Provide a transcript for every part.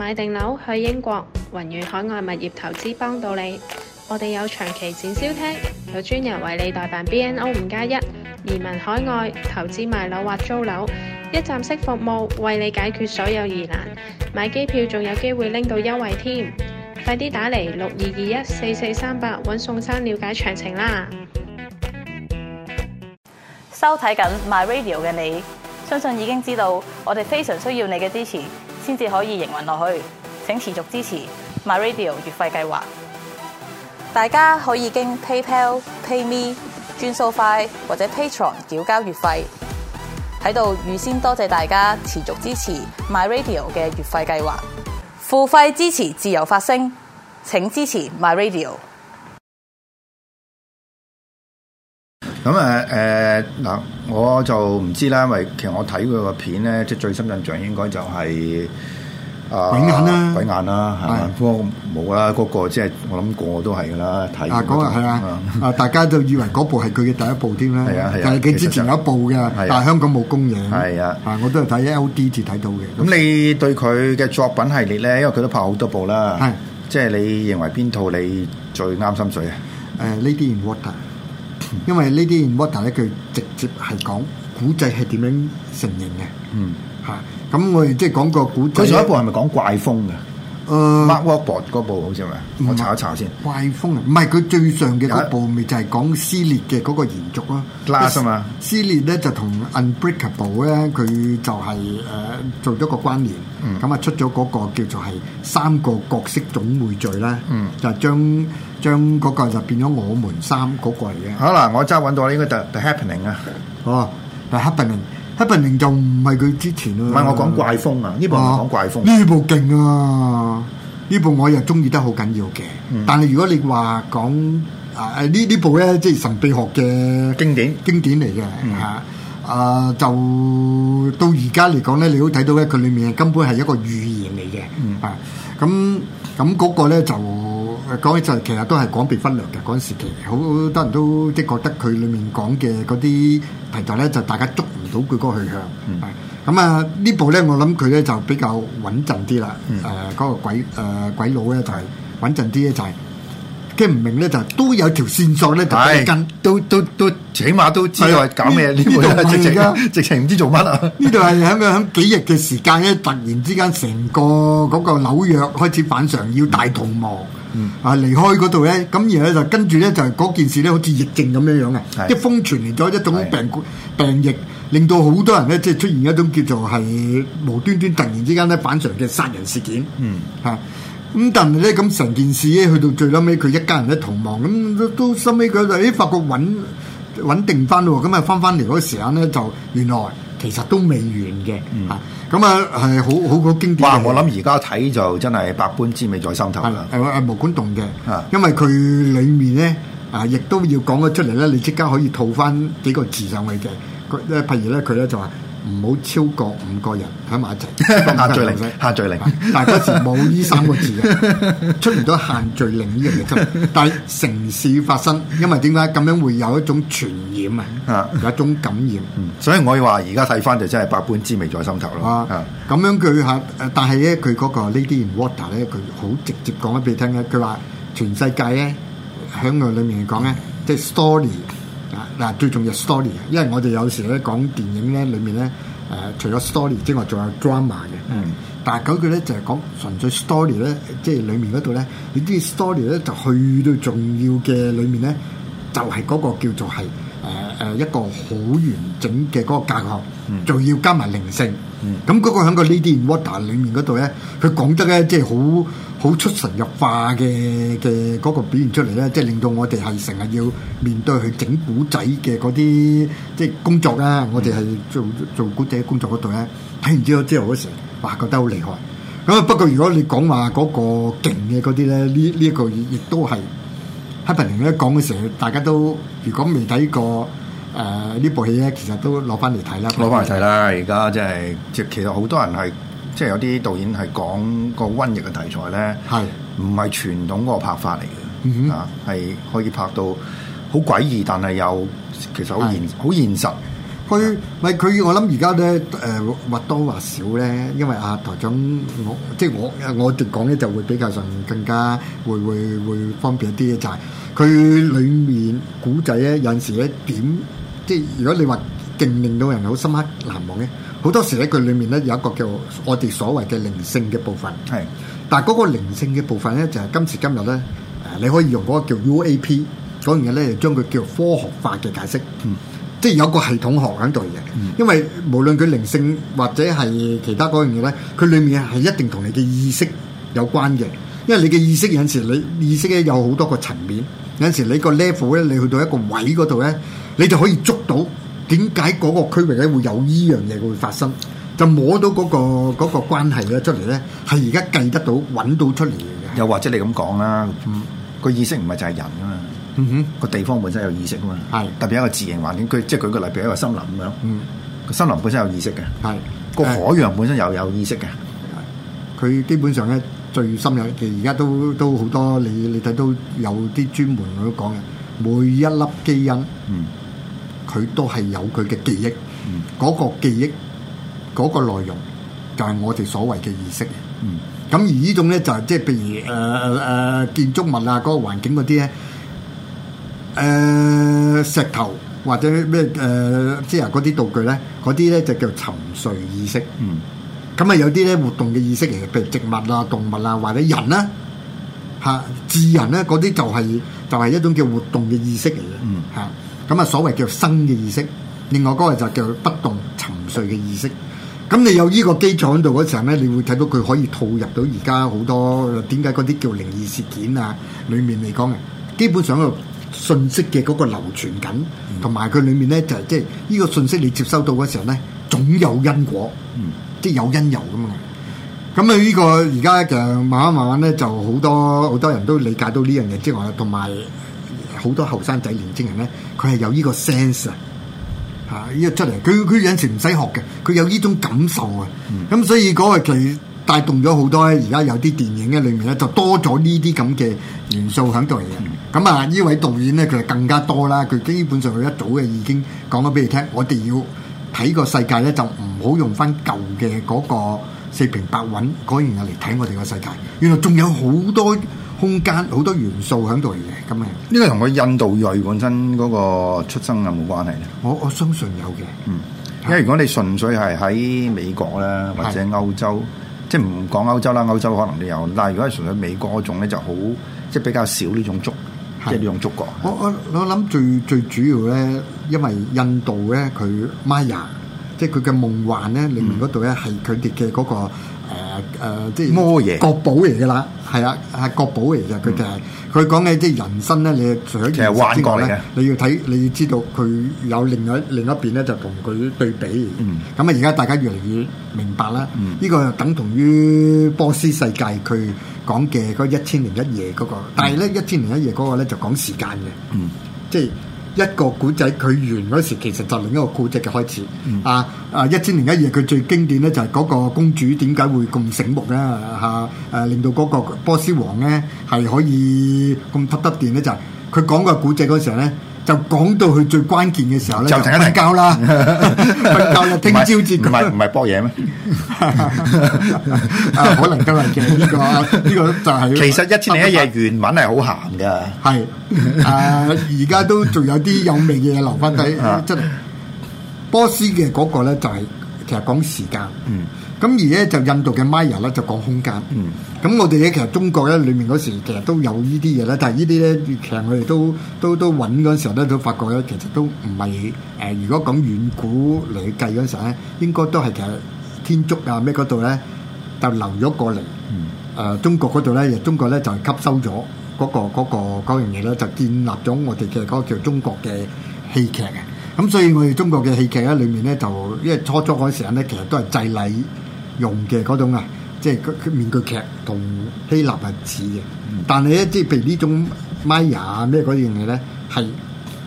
買定樓去英國，云宇海外物業投資幫到你。我哋有長期展銷廳，有專人為你代辦 BNO 五加一移民海外投資賣樓或租樓，一站式服務為你解決所有疑難。買機票仲有機會拎到優惠添，快啲打嚟，六二二一四四三八揾宋生了解詳情啦。收睇緊 My Radio 嘅你，相信已經知道我哋非常需要你嘅支持。先至可以營運落去，請持續支持 MyRadio 月費計劃。大家可以經 PayPal、PayMe 轉數快，或者 Patreon 繳交月費。喺度預先多謝大家持續支持 MyRadio 嘅月費計劃。付費支持自由發聲，請支持 MyRadio。咁誒誒，嗱。我就唔知啦，因為其實我睇佢個片咧，即係最深印象應該就係、是呃、啊鬼眼啦，鬼眼啦，係嘛？不過冇啦，嗰、那個即、就、係、是、我諗、那個都係噶啦。睇啊，講係啊，啊 大家都以為嗰部係佢嘅第一部添啦。係啊，但係佢之前有一部嘅，的但係香港冇公映。係的的啊，我都係睇 LD 至睇到嘅。咁你對佢嘅作品系列咧，因為佢都拍好多部啦。係的，即係你認為邊套你最啱心水啊？誒、uh，Lady in Water 因為呢啲 writer 咧，佢直接係講古仔係點樣成型嘅。嗯，吓咁、啊、我哋即係講個古仔。佢上一部係咪講怪風嘅？Mark Wahlberg 嗰部好啲嘛？我查一查先。怪風，唔係佢最上嘅嗰部咪就係講撕裂嘅嗰個延續咯。Last 啊嘛！撕裂咧就同 Unbreakable 咧佢就係誒做咗個關聯。嗯。咁啊出咗嗰個叫做係三個角色總匯聚啦，嗯、mm.。就係將將嗰個就變咗我們三嗰個嚟嘅。好嗱，我即刻揾到咧，應該就就 The Happening 啊。哦，就 The Happening。黑平寧就唔係佢之前咯，啊，唔係我講怪風啊，呢部我講怪風，呢部勁啊，呢、啊部，啊、部我又中意得好緊要嘅。嗯、但係如果你話講啊，呢呢部咧即係神秘學嘅經典經典嚟嘅吓，嗯、啊就到而家嚟講咧，你都睇到咧，佢裏面根本係一個預言嚟嘅。嗯，啊，咁咁嗰個咧就。講起就係其實都係講被忽略嘅嗰陣時期，好多人都即係覺得佢裡面講嘅嗰啲題材咧，就是、大家捉唔到佢嗰個去向。咁、嗯嗯、啊，部呢部咧我諗佢咧就比較穩陣啲啦。誒嗰、嗯呃嗰個鬼誒、呃、鬼佬咧就係、是、穩陣啲咧就係、是，即唔明咧就是、都有條線索咧，哎、就跟都都都起碼都知道、哎、搞咩？這部呢度係直情直情唔知做乜 啊？呢度係喺個喺幾日嘅時間咧，突然之間成個嗰個紐約開始反常，要大動盪。嗯，啊，離開嗰度咧，咁然後呢跟呢就跟住咧就嗰件事咧，好似疫症咁樣樣嘅，的一封傳嚟咗一種病的病疫，令到好多人咧即係出現一種叫做係無端端突然之間咧反常嘅殺人事件。嗯，嚇、啊，咁但係咧咁成件事咧去到最撚尾，佢一家人咧逃亡，咁都都收尾佢就誒發覺穩穩定翻咯，咁啊翻翻嚟嗰時刻咧就原來。其實都未完嘅，嚇、嗯！咁啊，係好好個經典。哇！我諗而家睇就真係百般滋味在心頭。係啦，係啊，毛管動嘅，嚇！因為佢裡面咧啊，亦都要講咗出嚟咧，你即刻可以套翻幾個字上去嘅。咧，譬如咧，佢咧就話。唔好超過五個人喺埋一齊，限聚令，限聚令，但嗰時冇呢三個字嘅， 出唔到限聚令呢樣嘢。 但係城市發生，因為點解咁樣會有一種傳染啊， 有一種感染。嗯、所以我要話，而家睇翻就真係百般滋味在心頭咯。咁、啊、 樣佢嚇，但係咧佢嗰個 Lady in water 咧，佢好直接講一俾你聽嘅。佢話全世界咧，喺我裡面講咧，即、就、係、是、story。嗱，最重要係 story，因為我哋有時咧講電影咧，裡面咧誒、呃，除咗 story 之外，仲有 drama 嘅。嗯。但係嗰句咧就係講純粹 story 咧，即係裡面嗰度咧，你知 story 咧就去到重要嘅裡面咧，就係嗰個叫做係誒誒一個好完整嘅嗰個教學，仲、嗯、要加埋靈性。咁嗰個喺個 Lady Water 裏面嗰度咧，佢講得咧，即係好好出神入化嘅嘅嗰個表現出嚟咧，即係令到我哋係成日要面對去整古仔嘅嗰啲即係工作啦。我哋係做做古仔工作嗰度咧，睇完之後之後嗰時哇，覺得好厲害。咁不過如果你講話嗰個勁嘅嗰啲咧，呢呢一個亦都係喺平時一講嘅時候，大家都如果未睇過，誒呢、呃、部戲咧，其實都攞翻嚟睇啦，攞翻嚟睇啦！而家真係即係其實好多人係即係有啲導演係講個瘟疫嘅題材咧，係唔係傳統個拍法嚟嘅？嗯哼，係、啊、可以拍到好詭異，但係又其實好現好的現實。佢咪佢，的我諗而家咧誒或多或少咧，因為阿、啊、台長我即係我我直講咧，就會比較上更加會會會,會方便一啲嘅，就係、是、佢裡面古仔咧，有時咧點。即係如果你話勁令到人好深刻難忘嘅，好多時咧佢裡面咧有一個叫我哋所謂嘅靈性嘅部分。係，但係嗰個靈性嘅部分咧就係今時今日咧，你可以用嗰個叫 UAP 嗰樣嘢咧，將佢叫做科學化嘅解釋。嗯，即係有個系統學喺度嘅。嗯，因為無論佢靈性或者係其他嗰樣嘢咧，佢裡面係一定同你嘅意識有關嘅。因為你嘅意識有陣時你意識咧有好多個層面，有陣時你個 level 咧你去到一個位嗰度咧。你就可以捉到點解嗰個區域咧會有依樣嘢會發生，就摸到嗰個嗰個關係咧出嚟咧，係而家計得到、揾到出嚟嘅。又或者你咁講啦，個意識唔係就係人噶嘛，個地方本身有意識噶嘛，特別一個自然環境，佢即係舉個例譬如話森林咁樣，個森林本身有意識嘅，個海洋本身又有意識嘅，佢基本上咧最深入嘅，而家都都好多你你睇都有啲專門都講嘅，每一粒基因。佢都係有佢嘅記憶，嗰、嗯、個記憶，嗰、那個內容就係我哋所謂嘅意識。咁、嗯、而種呢種咧就係即係譬如誒誒、呃呃、建築物啊、嗰、那個環境嗰啲咧，誒、呃、石頭或者咩誒、呃、即係嗰啲道具咧，嗰啲咧就叫沉睡意識。咁啊、嗯、有啲咧活動嘅意識嚟嘅，譬如植物啊、動物啊，或者人咧、啊、嚇，智人咧嗰啲就係、是、就係、是、一種叫活動嘅意識嚟嘅嚇。嗯嗯咁啊，所謂叫新嘅意識，另外嗰個就叫不動沉睡嘅意識。咁你有呢個基礎喺度時候咧，你會睇到佢可以套入到而家好多點解嗰啲叫靈異事件啊裡面嚟講嘅，基本上個信息嘅嗰個流傳緊，同埋佢裡面咧就係即係呢個信息你接收到時候咧，總有因果，即、嗯、係、即係、有因由咁啊。咁啊，呢個而家就慢慢慢慢咧，就好多好多人都理解到呢樣嘢之外，同埋。好多後生仔年輕人咧，佢係有呢個 sense 啊，嚇呢個出嚟，佢佢有陣時唔使學嘅，佢有呢種感受啊。咁、嗯、所以嗰個就帶動咗好多。而家有啲電影咧裏面咧，就多咗呢啲咁嘅元素喺度嚟嘅。咁啊、嗯，呢、嗯、位導演咧，佢係更加多啦。佢基本上佢一早就已經講咗俾你聽，我哋要睇個世界咧，就唔好用翻舊嘅嗰個四平八穩嗰樣嘢嚟睇我哋個世界。原來仲有好多。空間好多元素喺度嚟嘅，咁嘅。呢個同佢印度裔本身嗰個出生有冇關係咧？我我相信有嘅。嗯，因為如果你純粹係喺美國咧，或者歐洲，即係唔講歐洲啦，歐洲可能都有。但係如果係純粹美國嗰種咧，就好即係比較少呢種足，即係呢種觸角。我我我諗最最主要咧，因為印度咧佢 Maya，即係佢嘅夢幻咧，裡面嗰度咧係佢哋嘅嗰個。誒、呃，即係魔爺、啊，國寶嚟嘅啦，係啊、就是，係國寶嚟嘅，佢就係佢講嘅即係人生咧，你除咗現實之外咧，你要睇，你要知道佢有另外另一邊咧，就同佢對比。嗯，咁啊，而家大家越嚟越明白啦。嗯，呢個就等同於波斯世界佢講嘅嗰一千零一夜嗰、嗰個，嗯、但係咧一千零一夜嗰個咧就講時間嘅。嗯，即係、嗯。一個古仔佢完嗰時，其實就另一個古仔嘅開始。啊、嗯、啊！一千零一夜佢最經典咧，就係嗰個公主點解會咁醒目咧嚇？誒、啊啊，令到嗰個波斯王咧係可以咁凸得電咧，就係佢講個古仔嗰時候咧。就講到佢最關鍵嘅時候咧，就瞓覺啦，瞓覺啦，聽朝先。唔係唔係博嘢咩？可能都係嘅呢個呢個就係。其實一千零一夜原文係好鹹嘅。係啊，而家都仲有啲有名嘢留翻底，真係。波斯嘅嗰個咧就係其實講時間。嗯。咁而咧就印度嘅 Maya 咧就講空間。咁我哋咧其實中國咧裏面嗰時其實都有依啲嘢咧，但係依啲咧其實我哋都都都揾嗰陣時候咧都發覺咧，其實都唔係誒。如果講遠古嚟計嗰陣咧，應該都係其實天竺啊咩嗰度咧就流咗過嚟。誒中國嗰度咧，中國咧就吸收咗嗰個嗰個嗰樣嘢咧，就建立咗我哋嘅嗰個叫中國嘅戲劇嘅。咁所以我哋中國嘅戲劇咧裏面咧就因為初初嗰陣時候咧，其實都係祭禮。用嘅嗰種啊，即係佢佢面具劇同希臘係似嘅，嗯、但係咧即係譬如呢種 ya, 呢種 Maya 咩嗰樣嘢咧係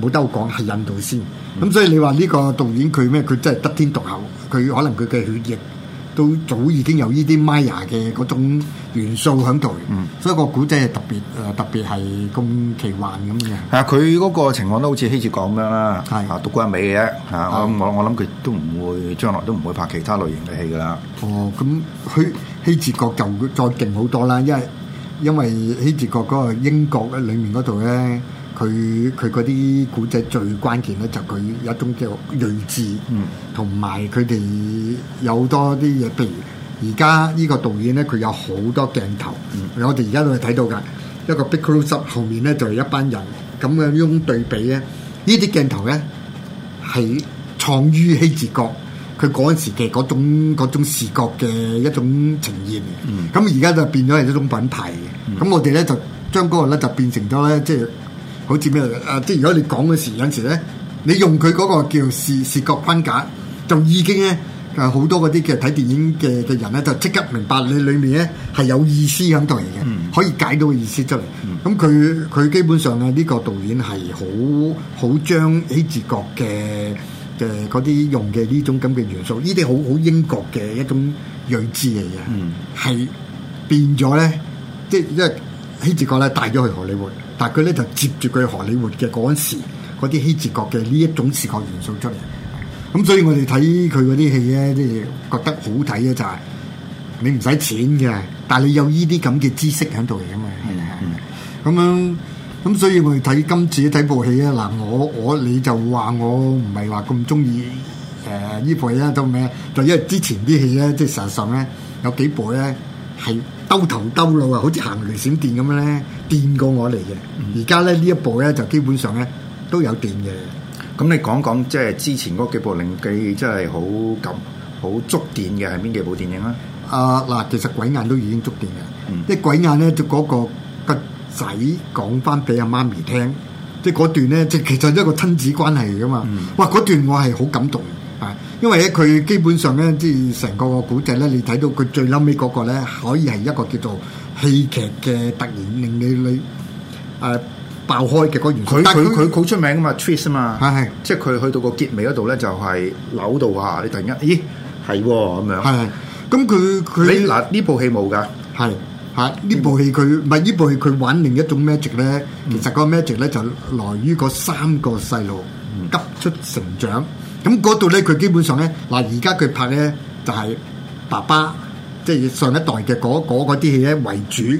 冇得講，係印度先。咁、嗯、所以你話呢個導演佢咩？佢真係得天獨厚，佢可能佢嘅血液。都早已經有呢啲 Maya 嘅嗰種元素喺度，嗯、所以個古仔係特別誒、呃，特別係咁奇幻咁嘅。啊，佢嗰個情況都好似希治閣咁啦，嚇獨沽一味嘅，嚇我我我諗佢都唔會將來都唔會拍其他類型嘅戲㗎啦。哦，咁佢希治閣就再勁好多啦，因為因為希治閣嗰個英國嘅裏面嗰度咧。佢佢嗰啲古仔最關鍵咧，就佢有一種叫做睿智，嗯，同埋佢哋有，有多啲嘢，譬如而家呢個導演咧，佢有好多鏡頭，嗯，我哋而家都係睇到嘅一個 big close up，後面咧就係一班人咁嘅一種對比咧，呢啲鏡頭咧係創於希治閣，佢嗰陣時嘅嗰種嗰種視覺嘅一種呈現，嗯，咁而家就變咗係一種品牌嘅，咁、嗯、我哋咧就將嗰個咧就變成咗咧即係。就是好似咩啊？即係如果你講嗰時，有時咧，你用佢嗰個叫視視覺分隔，就已經咧，好多嗰啲嘅睇電影嘅嘅人咧，就即刻明白你裏面咧係有意思響度嚟嘅，嗯、可以解到意思出嚟。咁佢佢基本上啊，呢個導演係好好將希治閣嘅嘅嗰啲用嘅呢種咁嘅元素，呢啲好好英國嘅一種睿智嚟嘅，係、嗯、變咗咧，即係因為。希治閣咧帶咗去荷里活，但係佢咧就接住佢荷里活嘅嗰陣時，嗰啲希治閣嘅呢一種視覺元素出嚟。咁所以我哋睇佢嗰啲戲咧，即係覺得好睇嘅就係。你唔使錢嘅，但係你有依啲咁嘅知識喺度嚟嘅嘛。係啊，係啊。咁樣咁，所以我哋睇今次睇部戲咧，嗱，我我你就話我唔係話咁中意誒呢部戲啦，到咩？就因為之前啲戲咧，即係實實咧有幾部咧。係兜頭兜腦啊，好似行雷閃電咁樣咧，電過我嚟嘅。而家咧呢一部咧就基本上咧都有電嘅。咁你講講即係之前嗰幾部令記真係好感、好觸電嘅係邊幾部電影啊？啊嗱，其實《鬼眼》都已經觸電嘅。即、嗯《鬼眼》咧，就嗰個個仔講翻俾阿媽咪聽，即係嗰段咧，即係其實一個親子關係嚟噶嘛。嗯、哇！嗰段我係好感動。因為咧，佢基本上咧，即係成個古仔咧，你睇到佢最孻尾嗰個咧，可以係一個叫做戲劇嘅突然令你你誒爆開嘅嗰元素。佢佢佢好出名噶嘛，Twist 嘛，係即係佢去到個結尾嗰度咧，就係扭到啊！你突然間，咦，係喎咁樣。係，咁佢佢嗱呢部戲冇噶，係吓呢部戲佢唔係呢部戲佢玩另一種 magic 咧。其實個 magic 咧就來於嗰三個細路急出成長。咁嗰度咧，佢基本上咧，嗱而家佢拍咧就係、是、爸爸，即、就、係、是、上一代嘅嗰嗰嗰啲戲咧為主。咁、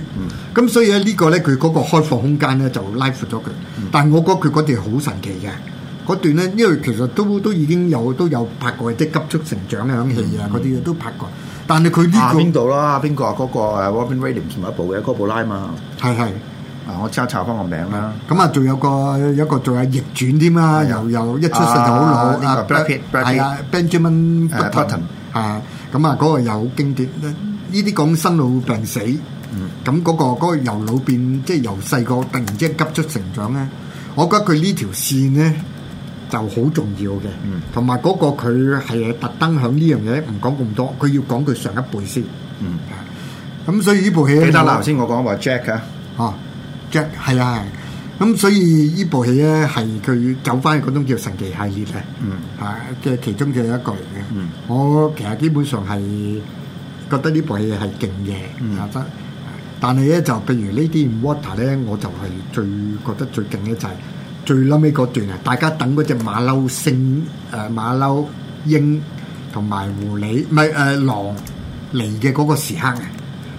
嗯、所以咧呢、這個咧佢嗰個開放空間咧就拉闊咗佢。但係我覺得佢嗰段好神奇嘅，嗰段咧因為其實都都已經有都有拍過啲急速成長嘅戲啊，嗰啲嘢都拍過。嗯嗯、但係佢呢個邊度啦？邊個啊？嗰、那個 Robin Williams 一部嘅哥布拉嘛。係係。嗱，我即刻查翻個名啦。咁啊，仲有個一個仲有逆轉添啦，又又一出世就好老啊，係啊，Benjamin Button 啊，咁啊，嗰個又好經典。呢啲講生老病死，咁嗰個嗰個由老變即係由細個突然之間急出成長咧，我覺得佢呢條線咧就好重要嘅。嗯，同埋嗰個佢係特登響呢樣嘢，唔講咁多，佢要講佢上一輩先。嗯。咁所以呢部戲記得嗱，頭先我講話 Jack 啊。係啊，咁、嗯、所以呢部戲咧，係佢走翻嗰種叫神奇系列咧，啊嘅、嗯、其中嘅一個嚟嘅。嗯、我其實基本上係覺得部戲、嗯、呢部戲係勁嘅，得。但係咧就譬如呢啲 water 咧，我就係最覺得最勁咧就係最嬲尾嗰段啊！大家等嗰隻馬騮聲、誒馬騮鷹同埋狐狸唔係誒狼嚟嘅嗰個時刻。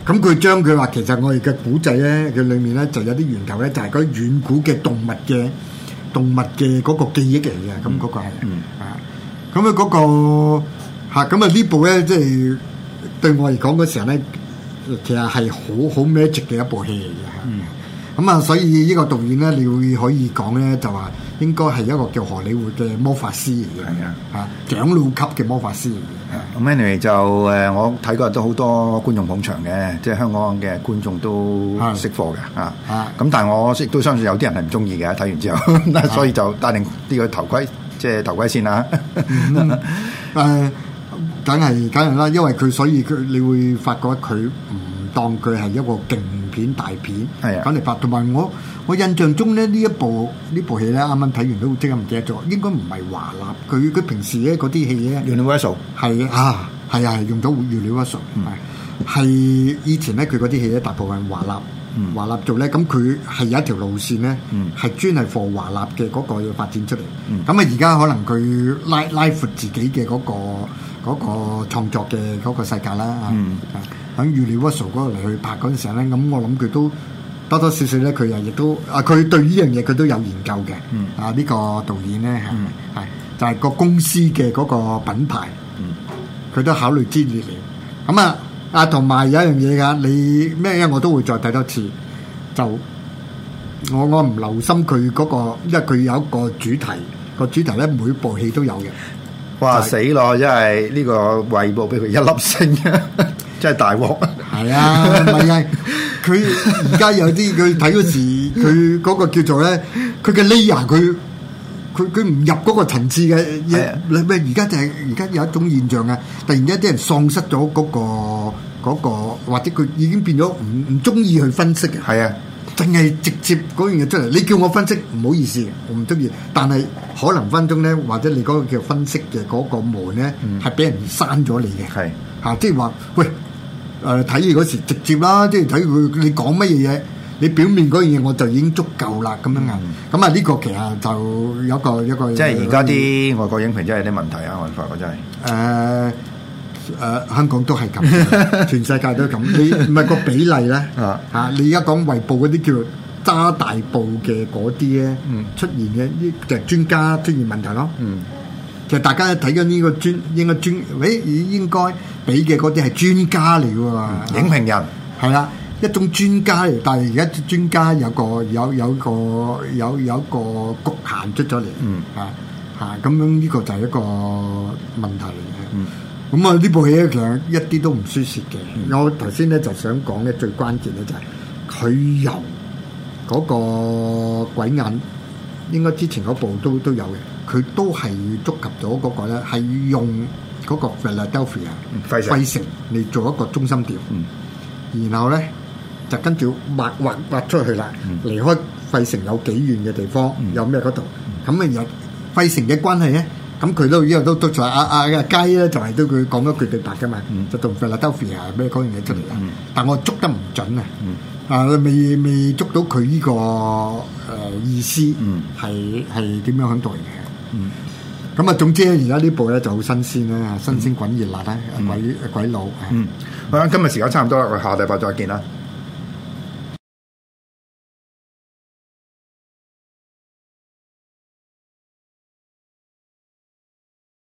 咁佢將佢話其實我哋嘅古仔咧，佢裏面咧就有啲源頭咧，就係嗰啲遠古嘅動物嘅動物嘅嗰個記憶嚟嘅，咁嗰、嗯嗰個係。嗯、這個、啊，咁啊嗰個咁啊呢部咧即係對我嚟講嗰時候咧，其實係好好 magic 嘅一部戲嚟嘅啊。嗯咁啊、嗯，所以呢個導演咧，你會可以講咧，就話應該係一個叫荷里活嘅魔法師嚟嘅，嚇長老級嘅魔法師。咁 Anyway 就誒，我睇過都好多觀眾捧場嘅，即係香港嘅觀眾都識貨嘅，啊，咁但係我亦都相信有啲人係唔中意嘅，睇完之後，所以就戴定啲個頭盔，即係頭盔先啦。誒，梗係梗係啦，因為佢所以佢，你會發覺佢唔當佢係一個勁。片大片，揀嚟拍。同埋我，我印象中咧呢一部呢部戲咧，啱啱睇完都即刻唔記得咗。應該唔係華納，佢佢平時咧嗰啲戲咧 Universal、啊，用料質素係啊，係啊係用咗 Universal，係。係以前咧佢嗰啲戲咧，大部分華納、嗯、華納做咧，咁佢係有一條路線咧，係、嗯、專係放華納嘅嗰個發展出嚟。咁啊而家可能佢拉拉闊自己嘅嗰、嗰個。嗰個創作嘅嗰個世界啦，等預料 w 不熟》嗰度嚟去拍嗰陣時咧，咁我諗佢都多多少少咧，佢又亦都啊，佢對呢樣嘢佢都有研究嘅。嗯、啊，呢、這個導演咧，係、嗯、就係、是、個公司嘅嗰個品牌，佢、嗯、都考慮專業嘅。咁啊啊，同埋有一樣嘢噶，你咩咧？我都會再睇多次。就我我唔留心佢嗰、那個，因為佢有一個主題，個主題咧每部戲都有嘅。哇死咯！真係呢、呢個胃部俾佢一粒星，真係大鑊。係 啊，唔係！佢而家有啲佢睇嗰時，佢嗰個叫做咧，佢嘅 layer 佢佢佢唔入嗰個層次嘅嘢。咩而家就係而家有一種現象啊！突然之間啲人喪失咗嗰、嗰個嗰、嗰個，或者佢已經變咗唔唔中意去分析嘅。係啊。淨係直接嗰樣嘢出嚟，你叫我分析，唔好意思，我唔中意。但係可能分鐘咧，或者你嗰個叫分析嘅嗰個門咧，係俾、嗯、人刪咗你嘅。係嚇是，即係話喂，誒睇嘢嗰時直接啦，即係睇佢你講乜嘢嘢，你表面嗰樣嘢我就已經足夠啦，咁樣硬咁啊，呢、嗯、個其實就有個一個。一個即係而家啲外國影評真係有啲問題啊！我發覺真係誒。呃誒、呃、香港都係咁， 全世界都係咁。你唔係、呃那個比例咧嚇、啊？你而家講衞報嗰啲叫做揸大報嘅嗰啲咧出現嘅，就係專家出現問題咯。就、嗯、大家睇緊呢個專應該,應該專，喂、欸，應該俾嘅嗰啲係專家嚟㗎、嗯、影評人係啦、啊，一種專家，嚟，但係而家專家有個有有,有個有有一個局限出咗嚟。嗯嚇嚇，咁、啊、樣呢個就係一個問題嚟嘅。嗯咁啊！呢部戲咧，其實一啲都唔輸蝕嘅。我頭先咧就想講咧，最關鍵咧就係佢由嗰個鬼眼，應該之前嗰部都都有嘅，佢都係觸及咗嗰個咧，係用嗰個 Philadelphia，費城費城嚟做一個中心點。嗯。然後咧就跟住畫畫畫出去啦，離開費城有幾遠嘅地方，有咩嗰度？咁啊，有費城嘅關係咧。咁佢都依個都都就係阿阿雞咧，就係、是、都佢講咗佢對白嘅嘛，嗯、就同弗拉多夫啊咩講完嘢出嚟但我捉得唔準、嗯、啊，啊未未捉到佢呢、呢個誒、呃、意思係係點樣喺度嘅？咁、嗯、啊，總之而家呢部咧就好新鮮啦，新鮮滾熱辣啦、嗯啊，詭詭老。嗯，好啦、嗯，今日時間差唔多啦，我哋下禮拜再見啦。